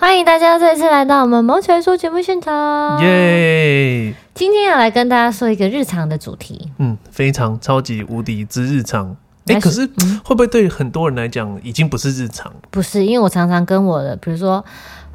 歡迎大家再次來到我們《卯起來說》節目現場，耶、yeah!！今天要來跟大家說一個日常的主題，嗯，非常超級無敵之日常。哎、欸，可是、嗯、會不會對很多人來講已經不是日常？不是，因為我常常跟我的，比如說。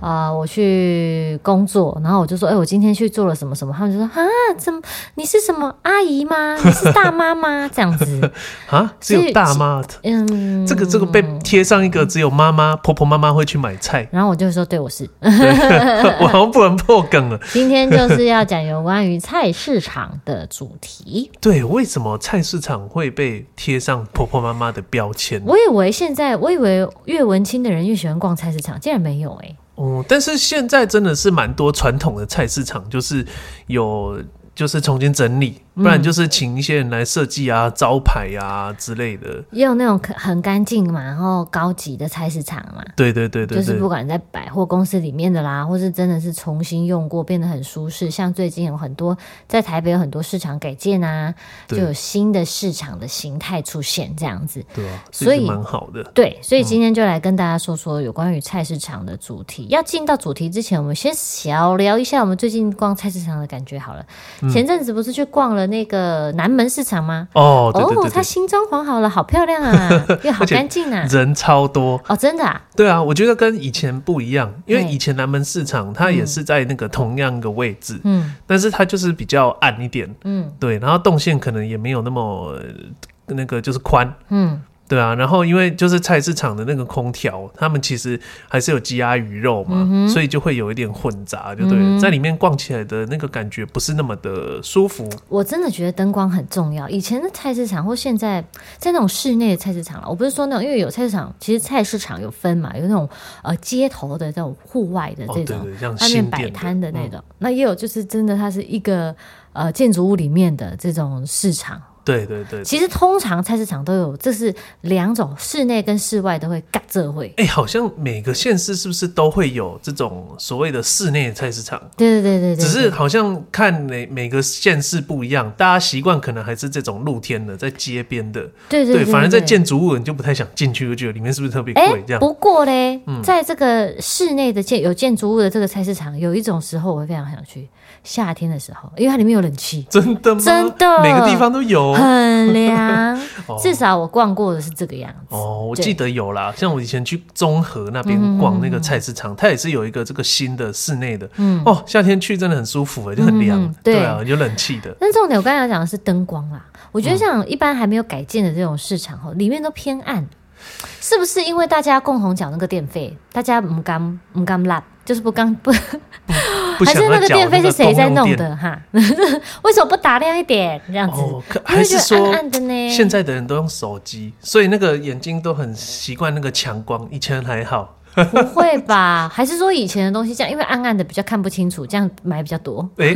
啊、呃，我去工作，然後我就說，哎、欸，我今天去做了什麼什麼，他們就說，啊，怎麼你是什麼阿姨嗎？你是大媽嗎？這樣子， 啊，只有大媽，嗯，這個這個被貼上一個只有媽媽、婆婆媽媽會去買菜，然後我就說，對，我是， 對，我好像不能破梗了。 今天就是要講有關於菜市場的主題。對，為什麼菜市場會被貼上婆婆媽媽的標籤？我以為現在，我以為越文青的人越喜歡逛菜市場，竟然沒有、欸，哎。哦，但是現在真的是蠻多傳統的菜市場，就是有，就是重新整理。不然就是請一些人來設計啊、嗯、招牌呀、啊、之類的，也有那種很乾淨嘛，然後高級的菜市場嘛。對對對對，對,對，就是不管在百貨公司裡面的啦，或是真的是重新用過變得很舒適。像最近有很多在台北有很多市場改建啊，就有新的市場的形態出現這樣子。對啊，所以蠻好的。對，所以今天就來跟大家說說有關於菜市場的主題。嗯、要進到主題之前，我們先小聊一下我們最近逛菜市場的感覺好了。嗯、前陣子不是去逛了，那個南門市場嗎？哦，哦，它新裝潢好了，好漂亮啊， 又好乾淨啊，人超多哦，oh, 真的，啊？對啊，我覺得跟以前不一樣，因為以前南門市場它也是在那個同樣一個位置，嗯，但是它就是比較暗一點，嗯，對，然後動線可能也沒有那麼那個就是寬，嗯。對啊，然後因為就是菜市場的那個空調，他們其實還是有雞鴨魚肉嘛、嗯，所以就會有一點混雜，就對、嗯，在裡面逛起來的那個感覺不是那麼的舒服。我真的覺得燈光很重要。以前的菜市場或現在在那種室內的菜市場，我不是說那種，因為有菜市場，其實菜市場有分嘛，有那種呃街頭的這種戶外的這種，外、哦、面擺攤的那種、嗯，那也有就是真的它是一個呃建築物裡面的這種市場。對對對，對，其實通常菜市場都有。這是兩種，室內跟室外都會幹這會。哎、欸，好像每個縣市是不是都會有這種所謂的室內菜市場？對對對，對，對，對對對，只是好像看每每個縣市不一樣，大家習慣可能還是這種露天的，在街邊的。對對，對，對，對，對對，反而在建築物你就不太想進去，就覺得裡面是不是特別貴，欸、這樣？不過嘞，在這個室內的建有建築物的這個菜市場，有一種時候我會非常想去。夏天的時候，因為它裡面有冷氣，真的嗎？真的，每個地方都有，很涼。 至少我逛過的是這個樣子。哦，我記得有啦，像我以前去中和那邊逛那個菜市場，嗯，它也是有一個這個新的室內的。嗯，哦，夏天去真的很舒服哎，欸，就很涼，嗯啊，對，有冷氣的。但重點我剛才講的是燈光啦，我覺得像一般還沒有改建的這種市場，吼，嗯，裡面都偏暗，是不是因為大家共同繳那個電費，大家不敢不敢啦，就是不敢不。嗯不想要還是那個電費是誰在弄的哈？為什麼不打亮一點？這樣子、哦、還是說的暗暗的呢？現在的人都用手機，所以那個眼睛都很習慣那個強光。以前還好。 不會吧？還是說以前的東西這樣？因為暗暗的比較看不清楚，這樣買比較多。哎，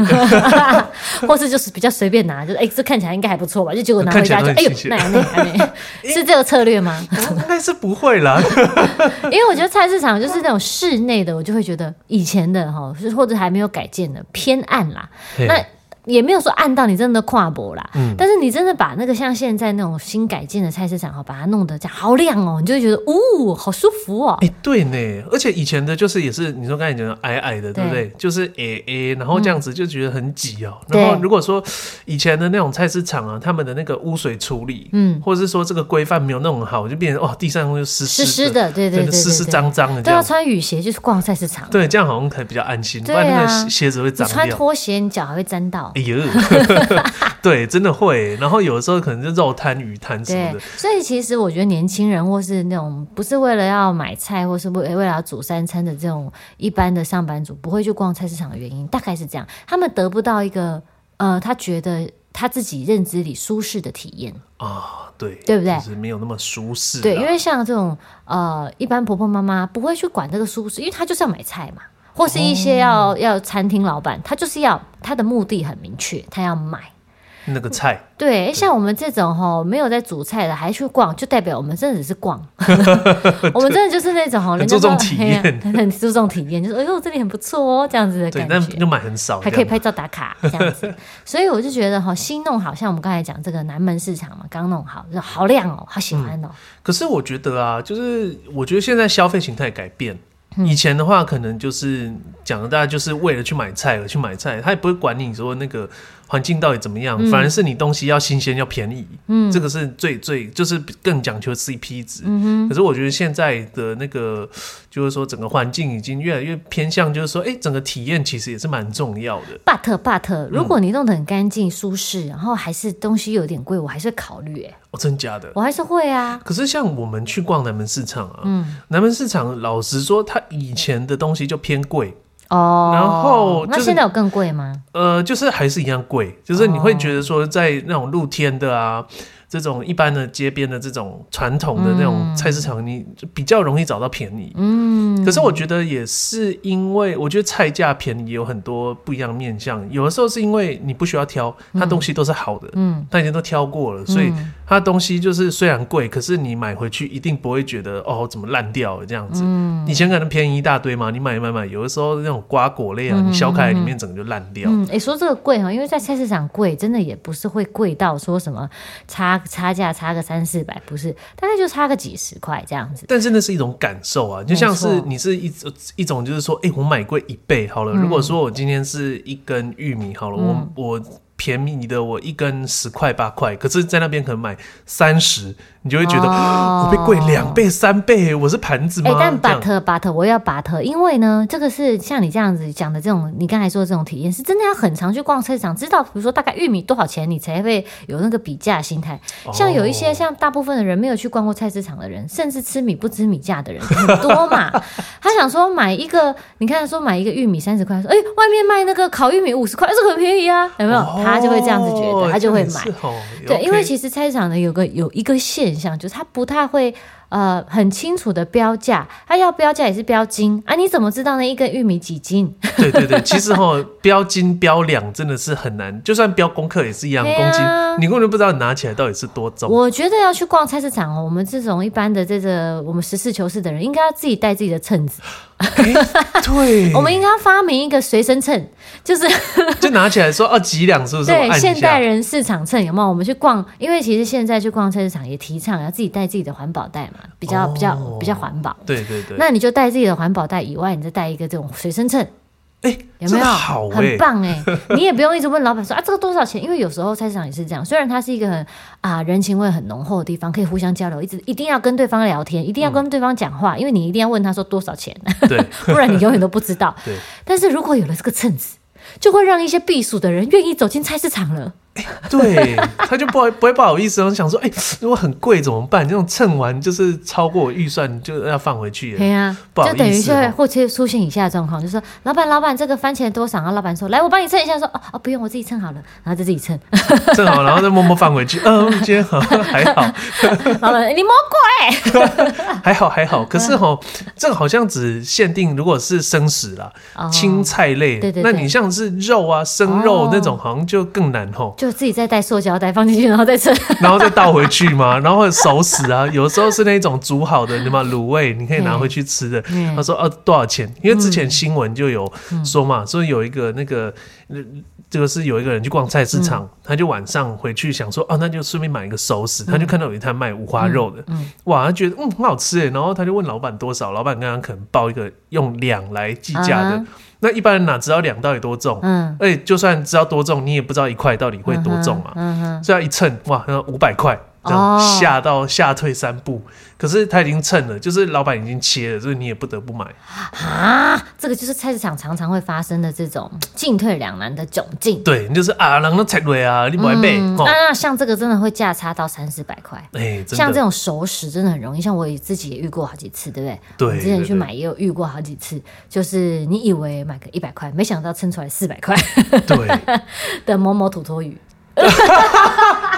或是就是比較隨便拿，就是哎、欸，這看起來應該還不錯吧？就結果拿回家就哎呦，爛嘞爛嘞， 是這個策略嗎？ 應該是不會啦， 因為我覺得菜市場就是那種室內的，我就會覺得以前的哈，或者還沒有改建的偏暗啦。Hey. 那。也沒有說按到你真的跨部啦，嗯，但是你真的把那個像現在那種新改建的菜市場，喔，哈，把它弄得這樣好亮哦，喔，你就會覺得，嗚，好舒服哦，喔。哎、欸，對呢，欸，而且以前的，就是也是你說剛才你講的矮矮的對，對不對？就是矮，欸，矮，欸，然後這樣子就覺得很擠哦，喔嗯。然後如果說以前的那種菜市場啊，嗯、他們的那個污水處理，嗯，或者是說這個規範沒有那麼好，就變成哦地上就濕濕的，的，對對對，對，濕濕髒髒的，濕濕髒髒髒的，要穿雨鞋就是逛菜市場，對，這樣好像才比較安心，對啊，不然鞋子會髒掉。你穿拖鞋，腳還會沾到。哎、 對，真的會。然後有的時候可能就肉攤、魚攤什麼的。所以其實我覺得年輕人或是那種不是為了要買菜，或是為為了要煮三餐的這種一般的上班族，不會去逛菜市場的原因，大概是這樣：他們得不到一個、呃、他覺得他自己認知裡舒適的體驗啊，對，對不對？其實沒有那麼舒適。對，因為像這種呃，一般婆婆媽媽不會去管這個舒適，因為她就是要買菜嘛。或是一些要、嗯、要餐廳老闆，他就是要他的目的很明確，他要買那個菜。對，像我們這種哈，沒有在煮菜的，還去逛，就代表我們真的只是逛。 我們真的就是那種哈， 很注重體驗，啊，很注重體驗， 就是哎呦，這裡很不錯哦、喔，這樣子的感覺。對，但就買很少，還可以拍照打卡這樣子。 所以我就覺得哈，新弄好，像我們剛才講這個南門市場嘛，剛弄好，就好亮哦、喔，好喜歡哦、喔嗯。可是我覺得啊，就是我覺得現在消費形態改變。以前的話，可能就是講的，大家就是為了去買菜而去買菜，他也不會管你說那個。環境到底怎麼樣？反而是你東西要新鮮、要便宜，嗯，這個是最最就是更講究 CP 值。嗯哼，可是我覺得現在的那個，就是說整個環境已經越來越偏向，就是說，哎，欸，整個體驗其實也是蠻重要的。But but，嗯，如果你弄得很乾淨、舒適，然後還是東西有點貴，我還是考慮。哎，哦，真假的？我還是會啊。可是像我們去逛南門市場啊，嗯，南門市場老實說，它以前的東西就偏貴。哦、oh，，然後、就是、那現在有更貴嗎？呃，就是還是一樣貴，就是你會覺得說在那種露天的啊。Oh. 這種一般的街邊的這種傳統的那種菜市場、嗯，你就比較容易找到便宜。嗯，可是我覺得也是因為，我覺得菜價便宜有很多不一樣的面向。有的時候是因為你不需要挑，它東西都是好的，嗯，它已經都挑過了，嗯、所以它東西就是雖然貴，可是你買回去一定不會覺得哦怎麼爛掉了這樣子、嗯。以前可能便宜一大堆嘛，你買一買一買。有的時候那種瓜果類啊，你削開裡面整個就爛掉。嗯，哎、嗯欸，說這個貴哈，因為在菜市場貴，真的也不是會貴到說什麼差。差價差,差個三四百，不是，大概就差個幾十塊這樣子。但是那是一種感受啊，就像是你是一一種就是說，哎、欸，我買貴一倍好了、嗯。如果說我今天是一根玉米好了，嗯、我我便宜你的我一根十塊八塊，可是在那邊可能買三十。你就會覺得、哦、我被貴兩倍三倍，哦、我是盤子嗎？哎、欸，但 but but 我要 but，因為呢，這個是像你這樣子講的這種，你剛才說的這種體驗是真的要很常去逛菜市場，知道比如說大概玉米多少錢，你才會有那個比價心態、哦。像有一些像大部分的人沒有去逛過菜市場的人，甚至吃米不知米價的人很多嘛。 他想說買一個，你看說買一個玉米三十塊，說哎、欸、外面賣那個烤玉米五十塊是很便宜啊，有沒有、哦？他就會這樣子覺得，哦、他就會買。對、okay，因為其實菜市場呢有個有一個線。現象就是他不太會呃很清楚的標價，他要標價也是標斤啊？你怎麼知道呢？一根玉米幾斤？對對對，其實哈 標斤標兩真的是很難，就算標公克也是一樣、啊、公斤，你根本不，不知道你拿起來到底是多重。我覺得要去逛菜市場哦，我們這種一般的這個我們實事求是的人，應該要自己帶自己的秤子。 欸、對， 我們應該發明一個隨身秤，就是 就拿起來說哦幾兩，是不是？對，現代人市場秤有沒有？我們去逛，因為其實現在去逛菜市場也提倡要自己帶自己的環保袋嘛，比較、哦、比較比較環保。對對對。那你就帶自己的環保袋以外，你再帶一個這種隨身秤。哎、欸，有沒有好、欸、很棒哎、欸？你也不用一直問老闆說 啊，這個多少錢？因為有時候菜市場也是這樣，雖然它是一個很啊人情味很濃厚的地方，可以互相交流，一直一定要跟對方聊天，一定要跟對方講話、嗯，因為你一定要問他說多少錢，對 不然你永遠都不知道。對但是，如果有了這個秤子，就會讓一些閉俗的人願意走進菜市場了。欸、對，他就不會不會不好意思，然後想說哎、欸，如果很貴怎麼辦？這種秤完就是超過我預算就要放回去、欸。了對呀、啊、不好意思。就等於是會會出現以下狀況，就說老闆老闆，這個番茄多少啊？老闆說，來我幫你秤一下。說哦，哦不用，我自己秤好了，然後再自己秤稱好，然後再默默放回去。嗯，今天好還好。 老闆，你摸過嘞？還好還好。可是吼，哦、 這個好像只限定如果是生食啦，哦、青菜類。對，對，對，對那你像是肉啊，生肉那種，哦、好像就更難吼。自己再帶塑膠袋放進去，然後再吃，然後再倒回去嘛。 然後熟食啊，有時候是那種煮好的，什麼滷味， 你可以拿回去吃的。 他說：“啊，多少錢？”因為之前新聞就有說嘛，說、嗯、有一個那個，這、就、個是有一個人去逛菜市場、嗯，他就晚上回去想說：“啊，那就順便買一個熟食。嗯”他就看到有一攤賣五花肉的，嗯、哇，他覺得嗯很好吃哎，然後他就問老板多少，老板剛剛可能報一個用兩來計價的。那一般人哪、啊、知道兩刀有多重、嗯？而且就算知道多重，你也不知道一塊到底會多重嘛。這、嗯、樣、嗯、一稱，哇，五百塊。嚇到嚇退三步，oh, 可是他已經稱了，就是老板已經切了，所以你也不得不買啊。這個就是菜市場常常會發生的這種進退兩難的窘境。對，你就是啊，人都切了啊，你不能買啊。那那像這個真的會價差到三四百塊。哎、欸，像這種熟食真的很容易，像我自己也遇過好幾次，對不對？對，之前去買也有遇過好幾次，對對對，就是你以為買個一百塊，沒想到稱出來四百塊。對， 的摸摸土魠魚。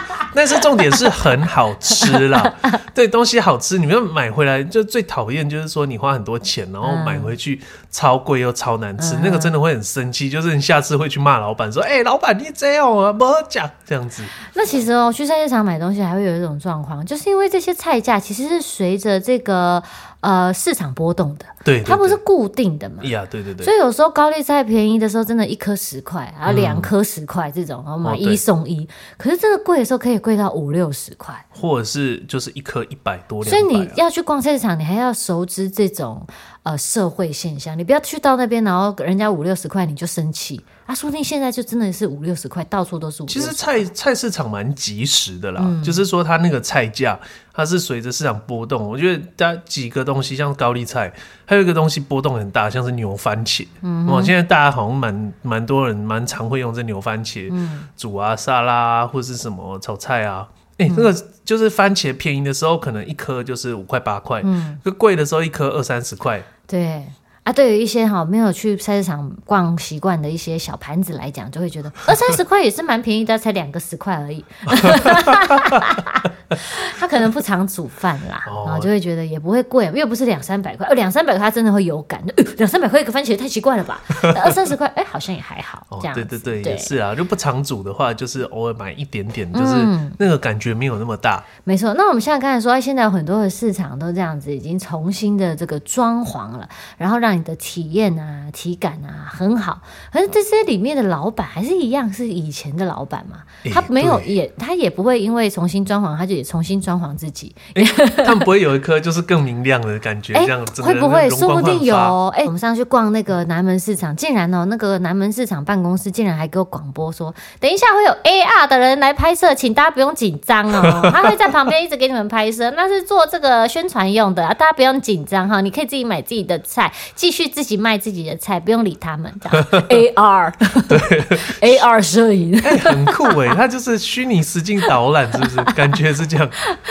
但是重點是很好吃了， 對，東西好吃，你們買回來就最討厭就是說你花很多錢，然後買回去超貴又超難吃，嗯，那個真的會很生氣，就是你下次會去罵老板說，哎、嗯嗯欸，老板你這樣啊，不講這樣子。那其實哦、喔，去菜市場買東西還會有一種狀況，就是因為這些菜價其實是隨着這個。呃，市場波動的，對對對，它不是固定的嘛？Yeah, 對對，對所以有時候高麗菜便宜的時候，真的一顆十塊，嗯，然後兩顆十塊這種，嗯、然後買一送一，哦。可是真的貴的時候，可以貴到五六十塊，或者是就是一顆一百多兩百啊，所以你要去逛菜市場，你還要熟知這種。呃，社會現象，你不要去到那邊，然後人家五六十塊你就生氣啊！說不定現在就真的是五六十塊，到處都是五六十塊。其實菜菜市場蠻及時的啦，嗯、就是說它那個菜價它是隨着市場波動。我覺得它幾個東西，像高麗菜，還有一個東西波動很大，像是牛番茄。嗯，我，現在大家好像蠻蠻多人蠻常會用這牛番茄煮啊、嗯、沙拉啊，或是什麼炒菜啊。哎、欸，那個就是番茄便宜的時候，嗯、可能一顆就是五塊八塊，嗯，就貴的時候一顆二三十塊，對。啊，對於一些哈沒有去菜市場逛習慣的一些小盤子來講，就會覺得二三十塊也是蠻便宜的， 才兩個十塊而已。 他可能不常煮飯啦、哦，然後就會覺得也不會貴，又不是兩三百塊。哦，兩三百塊他真的會有感，呃、兩三百塊一個番茄太奇怪了吧？二三十塊，哎、欸，好像也還好。這樣子、哦、對對對，對，也是啊，就不常煮的話，就是偶爾買一點點，就是那個感覺沒有那麼大。嗯、沒錯，那我們現在剛才說，現在有很多的市場都這樣子，已經重新的這個裝潢了，然後讓。你的體驗啊、體感啊很好，可是這些裡面的老闆還是一樣，是以前的老闆嘛、欸？他沒有，也他也不會因為重新裝潢，他就也重新裝潢自己。欸、 他們不會有一顆就是更明亮的感覺，這樣子、欸、會不會？說不定有哎、欸。我們上去逛那個南門市場，竟然哦、喔，那個南門市場辦公室竟然還給我廣播說，等一下會有 AR 的人來拍攝，請大家不用緊張哦，他會在旁邊一直給你們拍攝， 那是做這個宣傳用的，大家不用緊張哈。你可以自己買自己的菜。繼續自己賣自己的菜，不用理他們，這樣。 A R，對 ，A R 攝攝影、 欸，很酷哎、欸，它就是虛擬實境導覽，是不是？ 感覺是這樣。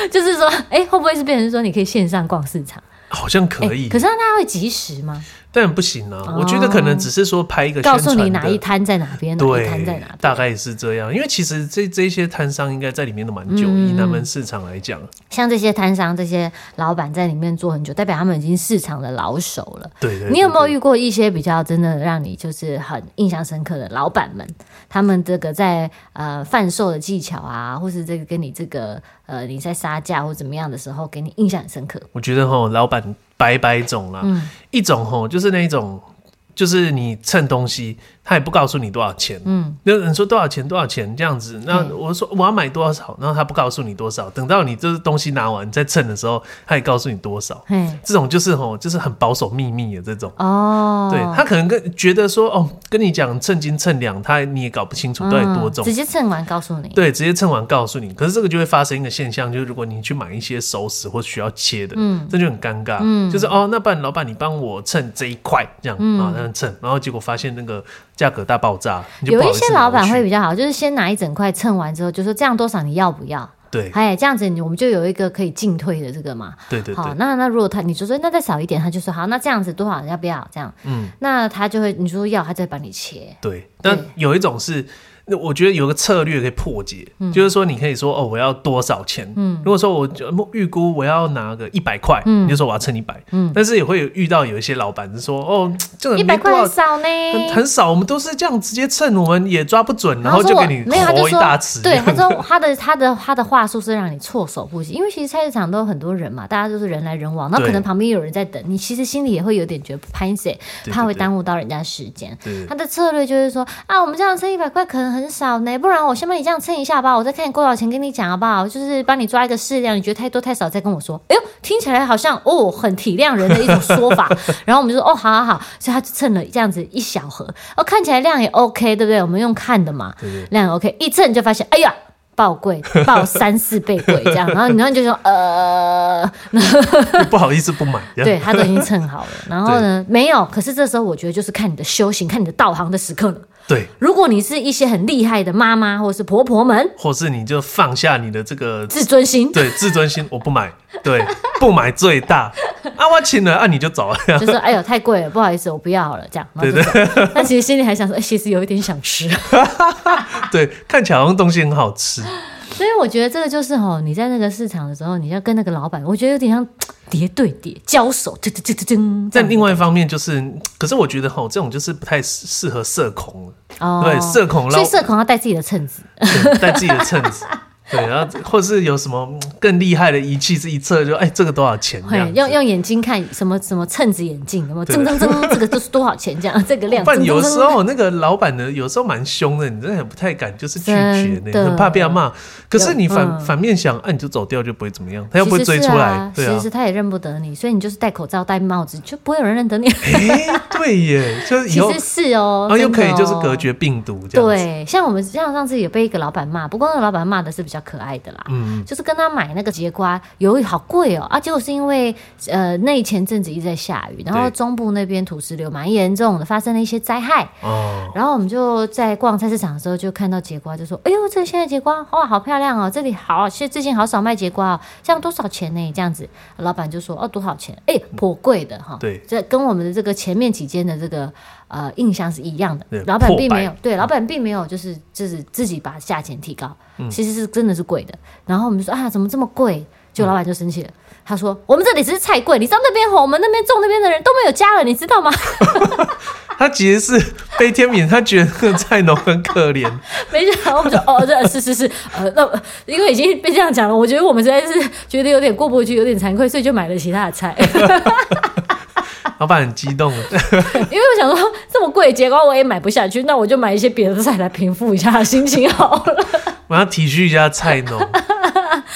就是說，哎、欸，會不會是變成說你可以線上逛市場？好像可以，欸、可是它會及時嗎？但不行啊、哦，我覺得可能只是說拍一個，告訴你哪一攤在哪邊，哪一攤在哪邊，大概也是這樣。因為其實這這些攤商應該在裡面都蠻久，嗯、以南門市場來講，像這些攤商，這些老板在裡面做很久，代表他們已經市場的老手了。對,對,對,對,對，你有沒有遇過一些比較真的讓你就是很印象深刻的老板們？他們這個在呃販售的技巧啊，或是這個跟你這個呃你在殺價或怎麼樣的時候，給你印象很深刻？我覺得齁，老板。百百種啦、嗯，一種吼就是那種，就是你秤東西。他也不告訴你多少錢，嗯，那你說多少錢？多少錢這樣子？那我說我要買多少？然後他不告訴你多少。等到你這東西拿完你再稱的時候，他也告訴你多少。哎，這種就是吼，就是很保守秘密的這種哦。對，他可能跟、覺得說哦，跟你講稱斤稱兩，他你也搞不清楚到底、嗯、多重，直接稱完告訴你。對，直接稱完告訴你。可是這個就會發生一個現象，就是如果你去買一些熟食或需要切的，嗯，這就很尷尬，嗯，就是哦，那不然老闆你幫我稱這一塊這樣啊、嗯，這樣稱，然後結果發現那個。價格大爆炸，有一些老板會比較好，就是先拿一整塊秤完之後，就說這樣多少你要不要？對，哎、hey，這樣子我們就有一個可以進退的這個嘛。對對對。好，那那如果他你就說那再少一點，他就說好，那這樣子多少要不要這樣？嗯，那他就會你就說要，他就會幫你切。對，但有一種是。那我覺得有個策略可以破解，嗯、就是說你可以說哦，我要多少錢？嗯，如果說我預估我要拿個一百塊，嗯，你就說我要稱一百，嗯，但是也會有遇到有一些老闆是說哦，一百塊很少呢，很、嗯、很少，我們都是這樣直接稱，我們也抓不準，然後就給你投一大匙。對，他說他的他的他的話術是讓你措手不及，因為其實菜市場都有很多人嘛，大家都是人來人往，那可能旁邊有人在等，你其實心裡也會有點覺得歹勢，怕會耽誤到人家時間。他的策略就是說啊，我們這樣稱一百塊可能很。很少呢，不然我先幫你這樣稱一下吧，我再看你多少錢跟你講好不好？就是幫你抓一個適量，你覺得太多太少再跟我說。哎呦，聽起來好像哦，很體諒人的一種說法。 然後我們就說哦，好好好，所以他就稱了這樣子一小盒，哦，看起來量也 OK，對不對？我們用看的嘛，對對對量也 OK，一稱就發現，哎呀，爆貴，爆三四倍貴 這樣。然後你然後就說呃， 不好意思不買。對，他都已經稱好了，然後呢，對對對沒有。可是這時候我覺得就是看你的修行，看你的道行的時刻了。對，如果你是一些很厲害的媽媽或是婆婆們，或是你就放下你的這個自尊心，對 自尊心，我不買，對不買最大。 啊，我請了，啊你就走了，就說哎呦太貴了，不好意思，我不要了這樣。對對，對，但其實心裡還想說，哎、欸、其實有一點想吃。 對，看起來好像東西很好吃。所以我覺得這個就是哈，你在那個市場的時候，你要跟那個老闆，我覺得有點像疊對疊交手，噔噔噔噔噔。在另外一方面，就是，可是我覺得哈，這種就是不太適合社恐哦，對，社恐，所以社恐要帶自己的秤子，對，帶自己的秤子。 對，然後或是有什麼更厲害的儀器是一測就哎、欸，這個多少錢？這樣用用眼睛看什麼什麼秤着眼鏡，什麼這這這這個就是多少錢這樣？這個量。但有時候那個老板呢，有時候蠻凶的，你真的不太敢，就是拒絕呢，很怕被他罵。可是你反反面想，啊，你就走掉就不會怎麼樣。他又不會追出來，對啊。其實他也認不得你，所以你就是戴口罩戴帽子，就不會有人認得你。哎，對耶，就是以後其實是哦，啊又可以就是隔絕病毒這樣。對，像我們像上次也被一個老板罵，不過那個老板罵的是比較。可愛的啦，嗯，就是跟他買那個節瓜，由於好貴哦，啊，結果是因為呃，那前陣子一直在下雨，然後中部那邊土石流蠻嚴重的，發生了一些災害，哦，然後我們就在逛菜市場的時候，就看到節瓜，就說、哦，哎呦，這個現在節瓜哇、哦，好漂亮哦，這裡好，其實最近好少賣節瓜哦，像多少錢呢？這樣子，老闆就說，哦，多少錢？哎，頗貴的哈、哦，對，這跟我們的這個前面幾間的這個。呃，印象是一樣的，老闆並沒有，對，老闆並沒有，就是就是自己把價錢提高、嗯，其實是真的是貴的。然後我們說啊，怎麼這麼貴？就老闆就生氣了、嗯，他說：“我們這裡只是菜貴，你知道那邊吼，我們那邊種那邊的人都沒有家了，你知道嗎？” 他其實是悲天憫， 他覺得菜農很可憐。 沒想到我們說哦，這是，是是是，呃，那因為已經被這樣講了，我覺得我們實在是覺得有點過不去，有點慚愧，所以就買了其他的菜。 老板很激動， 因為我想說這麼貴的結果我也買不下去，那我就買一些別的菜來平復一下心情好了。 我要體恤一下菜農。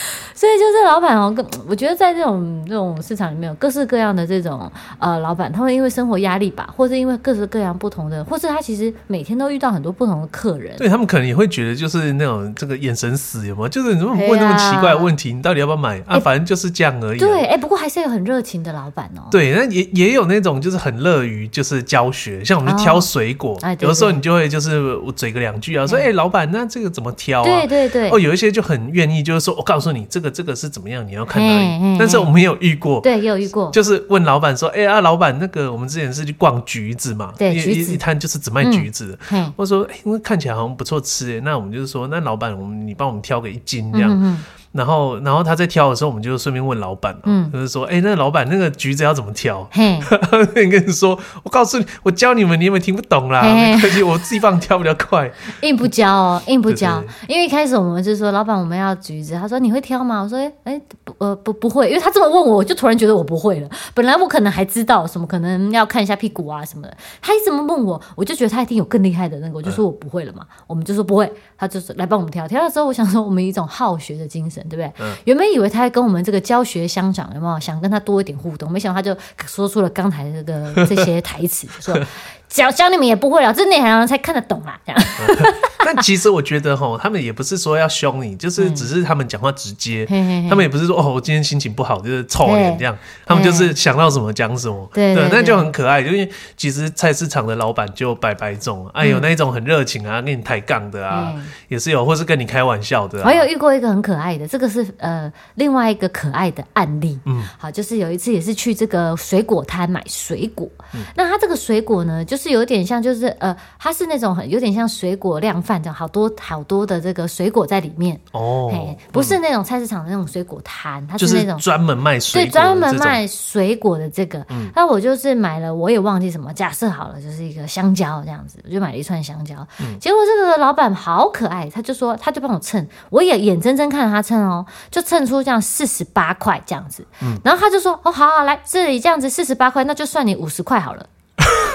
對，就是老板哦、喔。跟我覺得，在這種這種市場裡面，有各式各樣的這種呃老板，他們因為生活壓力吧，或是因為各式各樣不同的，或是他其實每天都遇到很多不同的客人，對他們可能也會覺得就是那種這個眼神死，有嗎有？就是你怎麼問那麼奇怪的問題？啊、你到底要不要買啊、欸？反正就是這樣而已，而已。對，哎、欸，不過還是有很熱情的老板哦、喔。對，那也也有那種就是很樂於就是教學，像我們就挑水果、哦哎對對對，有的時候你就會就是嘴個兩句啊，說哎、欸，老板，那這個怎麼挑啊？對對對。哦，有一些就很願意，就是說我、哦、告訴你這個。這個是怎麼樣？你要看哪裡？欸欸欸、但是我們也有遇過，對，也有遇過，就是問老闆說：“哎、欸、呀、啊，老闆，那個我們之前是去逛橘子嘛，對，一一攤就是只賣橘子的、嗯。我說，因、欸、為看起來好像不錯吃、嗯，那我們就是說，那老闆，我們你幫我們挑個一斤這樣。嗯哼哼”然後，然後他在挑的時候，我們就順便問老闆，嗯、就是說，哎、欸，那個老闆，那個橘子要怎麼挑？嘿 你跟你說，我告訴你，我教你們，你們聽不懂啦。嘿嘿，我自己幫你挑比較快。 硬不教哦，硬不教。因為一開始我們就說，老闆，我們要橘子，他說你會挑嗎？我說，哎、欸、不呃不不，不會。因為他這麼問我，我就突然覺得我不會了。本來我可能還知道什麼，可能要看一下屁股啊什麼的。他一直這麼問我，我就覺得他一定有更厲害的那個，我就說我不會了嘛。呃、我們就說不會，他就說來幫我們挑。挑了之後，我想說我們有一種好學的精神。對不對？嗯。原本以為他在跟我們這個教學相長，有沒有想跟他多一點互動？沒想到他就說出了剛才那個這些台詞，說 是吧。 教教你們也不會了，這內行人才看得懂嘛、啊、這樣、嗯， 但其實我覺得齁，他們也不是說要凶你，就是只是他們講話直接、嗯嘿嘿嘿，他們也不是說哦，我、喔、今天心情不好，就是臭臉這樣，他們就是想到什麼講什麼，對,對,對,對,對，那就很可愛。因為其實菜市場的老板就百百種，哎、啊，有那一種很熱情啊，跟你抬槓的啊，也是有，或是跟你開玩笑的、啊。我有遇過一個很可愛的，這個是呃另外一個可愛的案例。嗯，好，就是有一次也是去這個水果攤買水果、嗯，那他這個水果呢，嗯、就是。是有點像，就是呃，它是那種很有點像水果量販這樣，好多好多的這個水果在裡面哦、欸，不是那種菜市場的那種水果攤、嗯，它是那種專、就是、門賣水，果。對，專門賣水果的這個。那、嗯、我就是買了，我也忘記什麼，假設好了，就是一個香蕉這樣子，我就買了一串香蕉。嗯、結果這個老板好可愛，他就說他就幫我稱，我也眼睜睜看着他稱哦，就稱出這樣四十八塊這樣子、嗯。然後他就說哦，好,好，來這裡這樣子四十八塊，那就算你五十塊好了。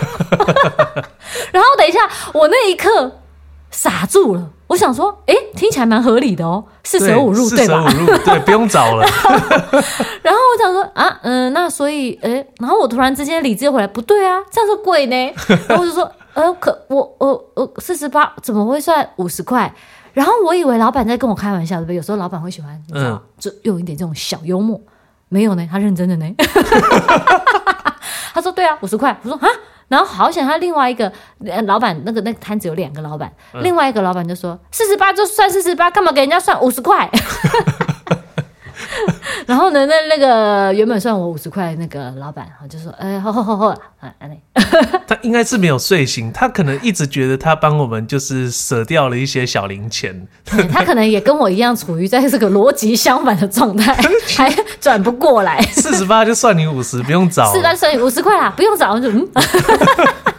然後等一下，我那一刻傻住了。我想說，哎，欸，聽起來蠻合理的哦，四舍五入對，對吧？對，不用找了。然後我想說啊，嗯、呃，那所以，哎，欸，然後我突然之間理智回來，不對啊，這樣說貴呢。然後我就說，呃，可我我我四十八怎麼會算五十塊？然後我以為老闆在跟我開玩笑，對不對？有時候老闆會喜歡，嗯，就用一點這種小幽默。沒有呢，他認真的呢。 他說對啊，五十塊。我說啊。然後好險，他另外一個老闆，那個那個攤子有兩個老闆，嗯、另外一個老闆就說：四十八就算四十八，幹嘛給人家算五十塊？ 然後呢？那那個原本算我五十塊，那個老闆他就說：“哎、欸，好好好好。啊”他應該是沒有睡醒，他可能一直覺得他幫我們就是捨掉了一些小零錢，他可能也跟我一樣處於在這個邏輯相反的狀態， 還轉不過來。四十八就算你五十，不用找。四十八算你五十塊啦，不用找。我就嗯。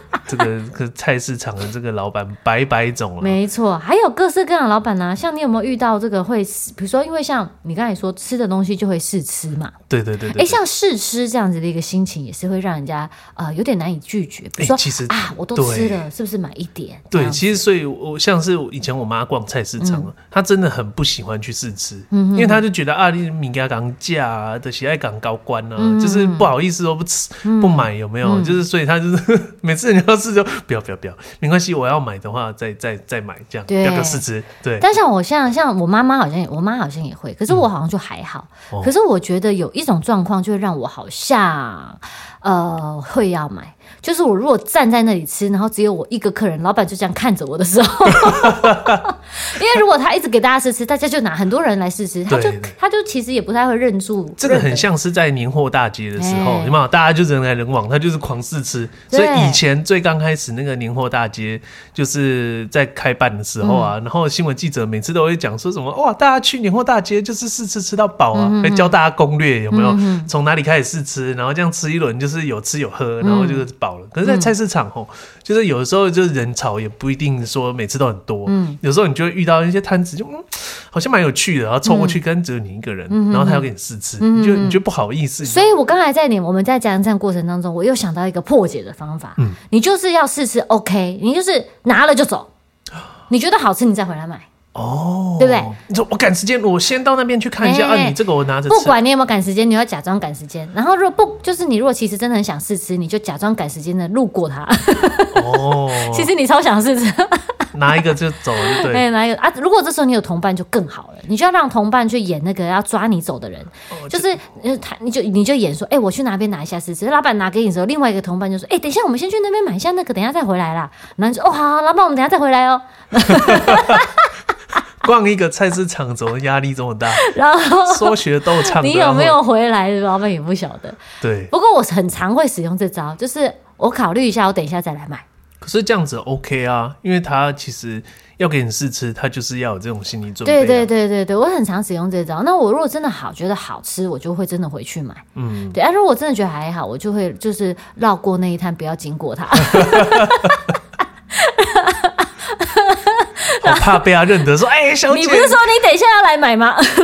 這個菜市場的這個老闆白白種了，沒錯，還有各式各樣的老闆呢、啊。像你有沒有遇到這個會，比如說，因為像你剛才說吃的東西就會試吃嘛？對對對，對。哎、欸，像試吃這樣子的一個心情，也是會讓人家、呃、有點難以拒絕。哎、欸，其實啊，我都吃了，是不是買一點？對，其實所以我，我像是我以前我媽逛菜市場、嗯，她真的很不喜歡去試吃、嗯，因為她就覺得啊，你米家講價的喜愛港高官呢、啊嗯，就是不好意思說、哦、不吃、嗯、不買，有沒有、嗯？就是所以她就是每次人家。 不要不要不要，沒關係，我要買的話再再再買，這樣要不要試吃？對，但像我像像我媽媽好像我媽好像也會，可是我好像就還好。嗯哦、可是我覺得有一種狀況，就會讓我好像。呃，會要買，就是我如果站在那裡吃，然後只有我一個客人，老闆就這樣看着我的時候， 因為如果他一直給大家試吃，大家就拿很多人來試吃，他就他就其實也不太會認住。這個很像是在年貨大街的時候對對對，有沒有？大家就人來人往，他就是狂試吃。所以以前最剛開始那個年貨大街就是在開辦的時候啊，嗯、然後新聞記者每次都會講說什麼哇，大家去年貨大街就是試吃吃到飽啊，來、嗯嗯、教大家攻略有沒有？從、嗯、哪裡開始試吃，然後這樣吃一輪就是。就是有吃有喝，然後就是飽了、嗯。可是，在菜市場哦、嗯，就是有的時候就是人潮也不一定說每次都很多。嗯，有時候你就會遇到一些攤子，就嗯，好像蠻有趣的，然後衝過去，跟只有你一個人，嗯、然後他要給你試吃、嗯，你就、嗯、你就，你就不好意思。所以我剛才在你、嗯、我們在講這樣過程當中，我又想到一個破解的方法，嗯，你就是要試吃，OK，你就是拿了就走，你覺得好吃你再回來買。哦、oh,，對不對？你說我趕時間，我先到那邊去看一下欸欸欸啊。你這個我拿着。不管你有沒有趕時間，你要假裝趕時間。然後如果不，就是你如果其實真的很想試吃，你就假裝趕時間的路過它。哦、oh, 其實你超想試吃，拿 一個就走就對。哎、欸，拿一個啊！如果這時候你有同伴就更好了，你就要讓同伴去演那個要抓你走的人，oh, 就是他，你就你就演說，哎、欸，我去那邊拿一下試試試吃。老闆拿給你的時候，另外一個同伴就說，哎、欸，等一下，我們先去那邊買一下那個，等一下再回來啦。然後你說，哦，好，好，老闆，我們等一下再回來哦、喔。 逛一個菜市場怎麼壓力這麼大？ 然後說學逗唱，你有沒有回來？老板也不曉得。 對，不過我很常會使用這招，就是我考慮一下，我等一下再來買。可是這樣子 OK 啊，因為他其實要給你試吃，他就是要有這種心理準備啊。對對對對對，我很常使用這招。那我如果真的好覺得好吃，我就會真的回去買。嗯，對。啊，如果真的覺得還好，我就會就是繞過那一攤，不要經過他。 我怕被他認得，說：“哎、欸，小姐。”你不是說你等一下要來買嗎？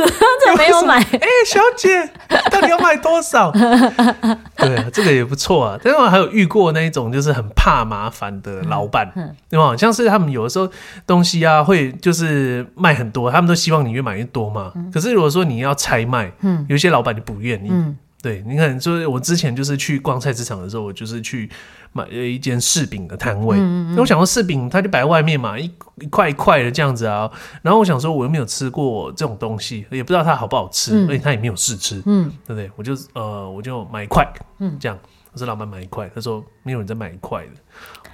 這沒有買。哎、欸，小姐，到底要買多少？ 對啊，這個也不錯啊。但我還有遇過那一種，就是很怕麻煩的老闆、嗯嗯，對嗎？像是他們有的時候東西啊，會就是賣很多，他們都希望你越買越多嘛。嗯、可是如果說你要拆賣，嗯，有些老闆就不願意、嗯。對，你可能就是我之前就是去逛菜市場的時候，我就是去。買了一間柿餅的攤位，嗯嗯嗯，我想說柿餅它就擺在外面嘛，一塊一塊一塊的這樣子啊。然後我想說我又沒有吃過這種東西，也不知道它好不好吃，嗯，而且它也沒有試吃，嗯，對不對？我就呃我就買一塊，嗯，這樣我說老闆，買一塊，他說沒有人再買一塊的。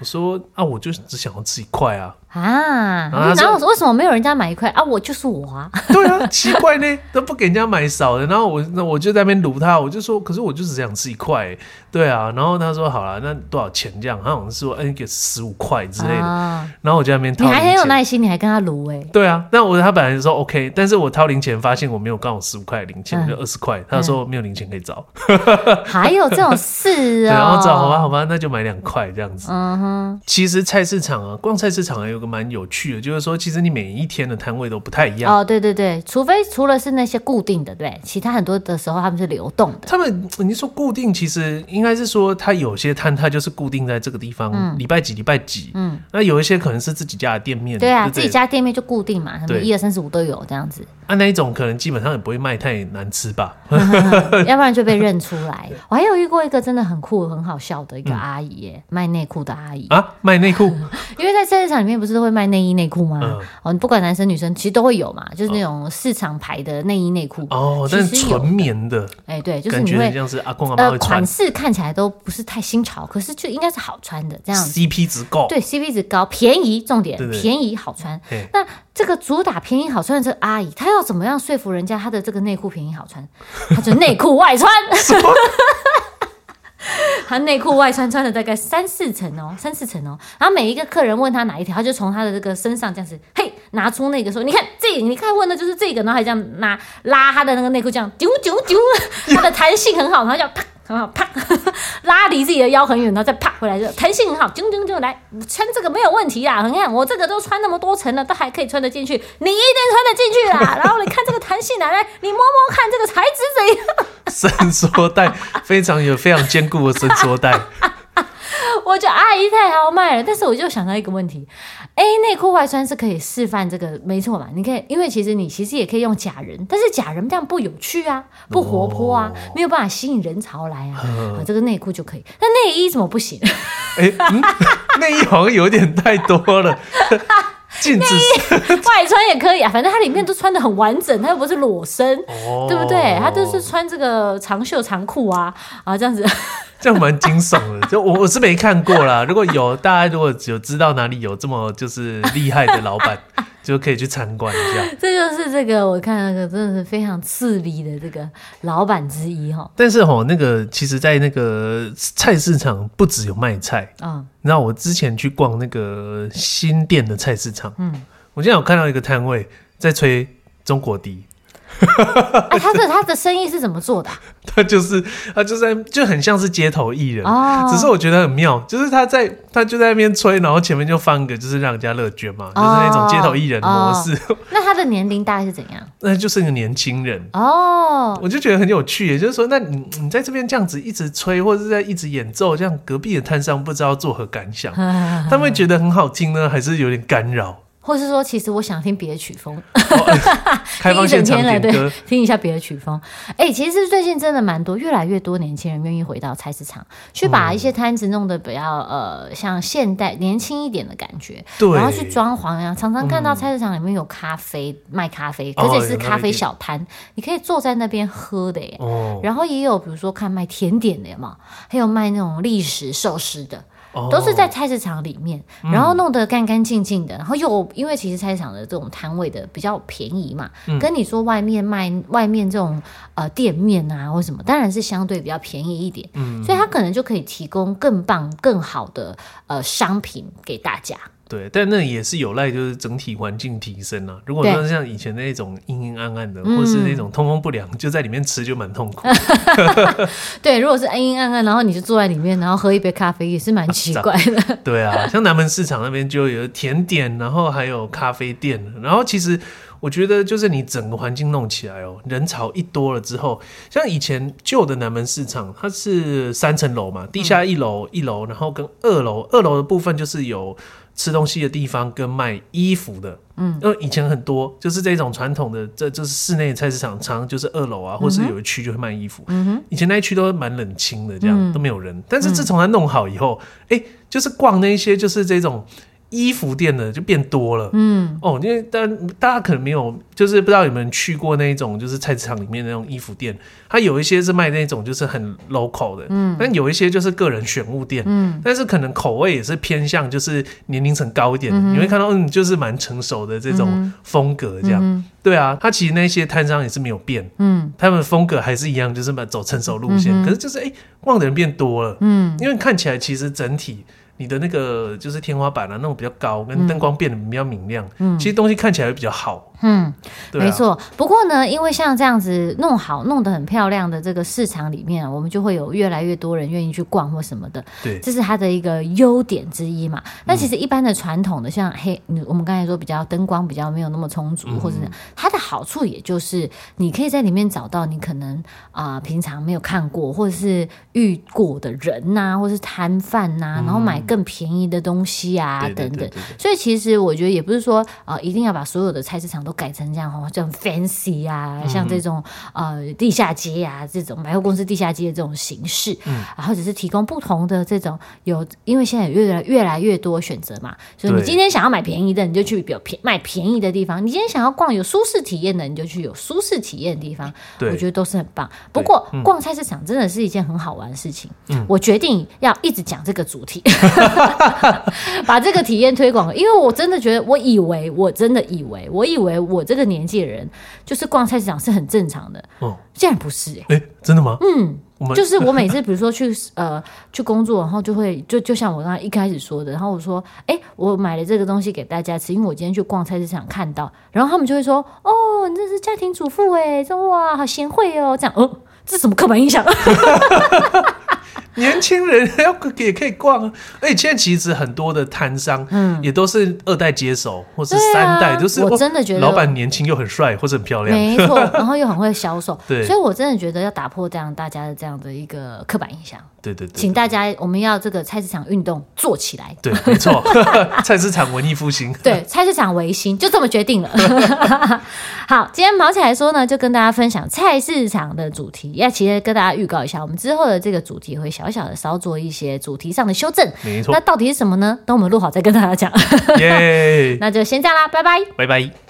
我說啊，我就只想要吃一塊啊啊！然後我說、嗯、為什麼沒有人家買一塊啊？我就是我啊。對啊，奇怪呢， 都不給人家買少的。然後我那我就在那邊擼他，我就說，可是我就只想吃一塊。對啊，然後他說好啦，那多少錢這樣？他好像說，哎、欸，給十五塊之類的、啊。然後我就在那邊掏零錢。你還很有耐心，你還跟他擼哎。對啊，那我他本來就說 OK，但是我掏零錢發現我沒有剛好十五塊零錢，嗯、就二十塊。他說沒有零錢可以找。 還有這種事啊、哦？然後我找好吧好吧，那就買兩塊這樣子。嗯哼，其實菜市場啊，逛菜市場還有個蠻有趣的，就是說，其實你每一天的攤位都不太一樣哦。對對對，除非除了是那些固定的，對，其他很多的時候他們是流動的。他們你說固定，其實應該是說，他有些攤他就是固定在這個地方，嗯、禮拜幾禮拜幾，嗯，那有一些可能是自己家的店面，對啊，對對自己家的店面就固定嘛，他們一二三四五都有這樣子。啊，那一種可能基本上也不會賣太難吃吧，呵呵要不然就被認出來。 我還有遇過一個真的很酷 很好笑的一個阿姨耶、嗯，賣內褲。的阿姨啊，賣內褲， 因為在菜市場裡面不是都會賣內衣內褲嗎、嗯？哦，你不管男生女生，其實都會有嘛，就是那種市場牌的內衣內褲哦，但是純棉的，哎、欸，對，就是你會是阿公阿嬤呃，款式看起來都不是太新潮，可是就應該是好穿的，這樣 C P 值高，對，C P 值高，便宜重點，便宜好穿。那這個主打便宜好穿的這個阿姨，她要怎麼樣說服人家她的這個內褲便宜好穿？她就內褲外穿。 他內褲外穿，穿了大概三四層哦，三四層哦。然後每一個客人問他哪一條，他就從他的這個身上這樣子，嘿，拿出那個說，你看這，你看問的就是這個，然後還這樣拉拉他的那個內褲，這樣啾啾啾，它的彈性很好，然後就啪，很好啪拉離自己的腰很遠，然後再啪回來，就彈性很好，啾啾啾來穿這個沒有問題啦。你看我這個都穿那麼多層了，都還可以穿得進去，你一定穿得進去啦。然後你看這個彈性，來來你摸摸看這個材質怎樣。伸縮帶非常有非常堅固的伸縮帶， 我覺得阿姨太豪邁了。但是我就想到一個問題：哎、欸，內褲外穿是可以示範這個，沒錯吧？你可以，因為其實你其實也可以用假人，但是假人這樣不有趣啊，不活潑啊、哦，沒有辦法吸引人潮來啊。這個內褲就可以，那內衣怎麼不行？哎、欸，內、嗯、 衣好像有點太多了。 內衣外穿也可以啊， 反正它裡面都穿的很完整，它又不是裸身，哦，對不對？它就是穿這個長袖長褲啊，啊這樣子。 這樣蠻驚悚的，就我我是沒看過啦。如果有大家如果有知道哪裡有這麼就是厲害的老闆， 就可以去參觀一下。這就是這個我看那個真的是非常刺鼻的這個老闆之一哦。但是哈，那個其實在那個菜市場不只有賣菜啊、嗯。你知道我之前去逛那個新店的菜市場，嗯，我竟然有看到一個攤位在吹中國笛。 啊，他的他的生意是怎麼做的、啊？他就是他就在就很像是街頭藝人哦，oh. 只是我覺得很妙，就是他在他就在那邊吹，然後前面就放一個就是讓人家樂捐嘛，oh. 就是那種街頭藝人模式。Oh. Oh. 那他的年齡大概是怎樣？那就是個年輕人哦，oh. 我就覺得很有趣、欸，就是說，那你你在這邊這樣子一直吹，或者是在一直演奏，這樣隔壁的攤商不知道作何感想？Oh. 他們會覺得很好聽呢，還是有點干擾？或是說，其實我想聽別的曲風、哦，開放現場來 對，聽一下別的曲風。哎、欸，其實是不是最近真的蠻多，越來越多年輕人願意回到菜市場，去把一些攤子弄得比較、嗯、呃，像現代年輕一點的感覺，對。然後去裝潢呀，常常看到菜市場裡面有咖啡、嗯、賣咖啡，而且是、是咖啡小攤、哦，你可以坐在那邊喝的耶、哦。然後也有比如說看賣甜點的嘛，還有賣那種歷史壽司的。都是在菜市場裡面，oh, 然後弄得乾乾淨淨的，嗯，然後又因為其實菜市場的這種攤位的比較便宜嘛，嗯，跟你說外面賣外面這種呃店面啊或什麼，當然是相對比較便宜一點，嗯，所以他可能就可以提供更棒、更好的呃商品給大家。對，但那也是有賴，就是整體環境提升啊。如果說像以前那種陰陰暗暗的，或是那種通風不良，嗯、就在裡面吃就蠻痛苦。 對，如果是陰陰暗暗，然後你就坐在裡面，然後喝一杯咖啡也是蠻奇怪的。啊 對啊，像南門市場那邊就有甜點，然後還有咖啡店。然後其實我覺得，就是你整個環境弄起來哦、喔，人潮一多了之後，像以前舊的南門市場，它是三層樓嘛，地下一樓、嗯、一樓，然後跟二樓，二樓的部分就是有。吃東西的地方跟賣衣服的，嗯，因為以前很多就是這種傳統的，這就是室內菜市場，常就是二樓啊，嗯、或者是有一區就會賣衣服，嗯哼，以前那一區都蠻冷清的，這樣、嗯、都沒有人。但是自從它弄好以後，哎、嗯欸，就是逛那些就是這種。衣服店的就變多了，嗯哦，因為但大，大家可能沒有，就是不知道有沒有去過那種，就是菜市場裡面的那種衣服店，它有一些是賣那種就是很 local 的，嗯，但有一些就是個人選物店，嗯，但是可能口味也是偏向就是年齡層高一點、嗯、你會看到嗯，就是蠻成熟的這種風格，這樣、嗯嗯嗯，對啊，他其實那些攤商也是沒有變，嗯，他們風格還是一樣，就是走成熟路線，嗯嗯、可是就是哎，逛、欸、的人變多了，嗯，因為看起來其實整體。你的那個就是天花板啊，那種比較高，跟燈光變得比較明亮，嗯，其實東西看起來會比較好。嗯，啊、沒錯。不過呢，因為像這樣子弄好、弄得很漂亮的這個市場裡面、啊，我們就會有越來越多人願意去逛或什麼的。對，這是它的一個優點之一嘛、嗯。那其實一般的傳統的像嘿，我們剛才說比較燈光比較沒有那麼充足，嗯、或者是它的好處也就是你可以在裡面找到你可能啊、呃、平常沒有看過或者是遇過的人吶、啊，或者是攤販吶，然後買更便宜的東西啊、嗯、等等對對對對。所以其實我覺得也不是說啊、呃、一定要把所有的菜市場。都改成這樣哦，這種 fancy 啊、嗯，像這種呃地下街啊，這種百貨公司地下街的這種形式，或者是提供不同的這種有，因為現在越來越來越多選擇嘛，所以你今天想要買便宜的，你就去比較便買便宜的地方；你今天想要逛有舒適體驗的，你就去有舒適體驗的地方，對。我覺得都是很棒。不過逛菜市場真的是一件很好玩的事情。嗯、我決定要一直講這個主題，嗯、 把這個體驗推廣，因為我真的覺得，我以為，我真的以為，我以為。我這個年紀的人，就是逛菜市場是很正常的。哦、竟然不是哎、欸！哎、欸，真的嗎？嗯，就是我每次比如說去 呃去工作，然後就會就就像我剛才一開始說的，然後我說哎、欸，我買了這個東西給大家吃，因為我今天去逛菜市場看到，然後他們就會說哦，你這是家庭主婦哎、欸，這哇好賢惠哦，這樣哦、呃，這是什麼刻板印象？ 年輕人也可以逛啊！而且現在其實很多的攤商，嗯，也都是二代接手，或是三代，都、啊就是我真的覺得、哦、老闆年輕又很帥或者很漂亮，沒錯， 然後又很會銷售，對，所以我真的覺得要打破這樣大家的這樣的一個刻板印象，對對對，對，請大家，我們要這個菜市場運動做起來，對，沒錯， 菜市場文藝復興，對， 對，菜市場維新，就這麼決定了。 好，今天卯起來說呢，就跟大家分享菜市場的主題。也其實跟大家預告一下，我們之後的這個主題會小小的稍做一些主題上的修正。沒錯，那到底是什麼呢？等我們錄好再跟大家講。耶 那就先這樣啦，拜拜。拜拜。